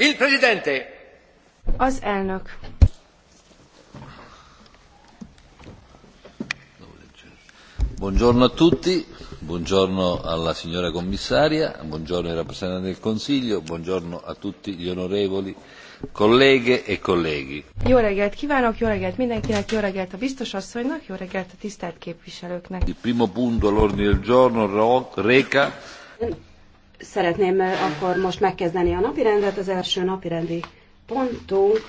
Il Presidente. Az elnök. Buongiorno a tutti, buongiorno alla signora commissaria, buongiorno ai rappresentanti del Consiglio, buongiorno a tutti gli onorevoli kollége e kollégi. Jó reggelt kívánok, jó reggelt mindenkinek, jó reggelt a biztos asszonynak, jó reggelt a tisztelt képviselőknek. Il primo punto all'ordine del giorno reca Szeretném eh, akkor most megkezdeni a napirendet. Az első napirendi pontunk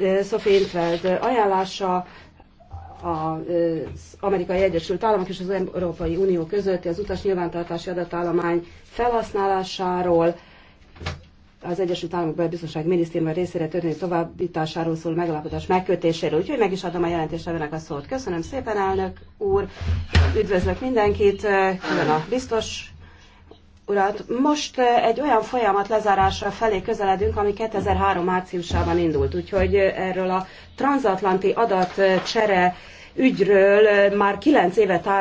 eh, Sophie Infeld ajánlása az Amerikai Egyesült Államok és az Európai Unió közötti az utas nyilvántartási adatállomány felhasználásáról az Egyesült Államok Belbiztonság Minisztériuma részére történő továbbításáról szól megalapodás megkötéséről. Úgyhogy meg is adom a jelentéstevőnek a szót. Köszönöm szépen, elnök úr. Üdvözlök mindenkit, eh, külön a biztos urat. Most eh, egy olyan folyamat lezárása felé közeledünk, ami 2003 márciusában indult, úgyhogy eh, erről a transatlanti adatcsere ügyről eh, már 9 éve tár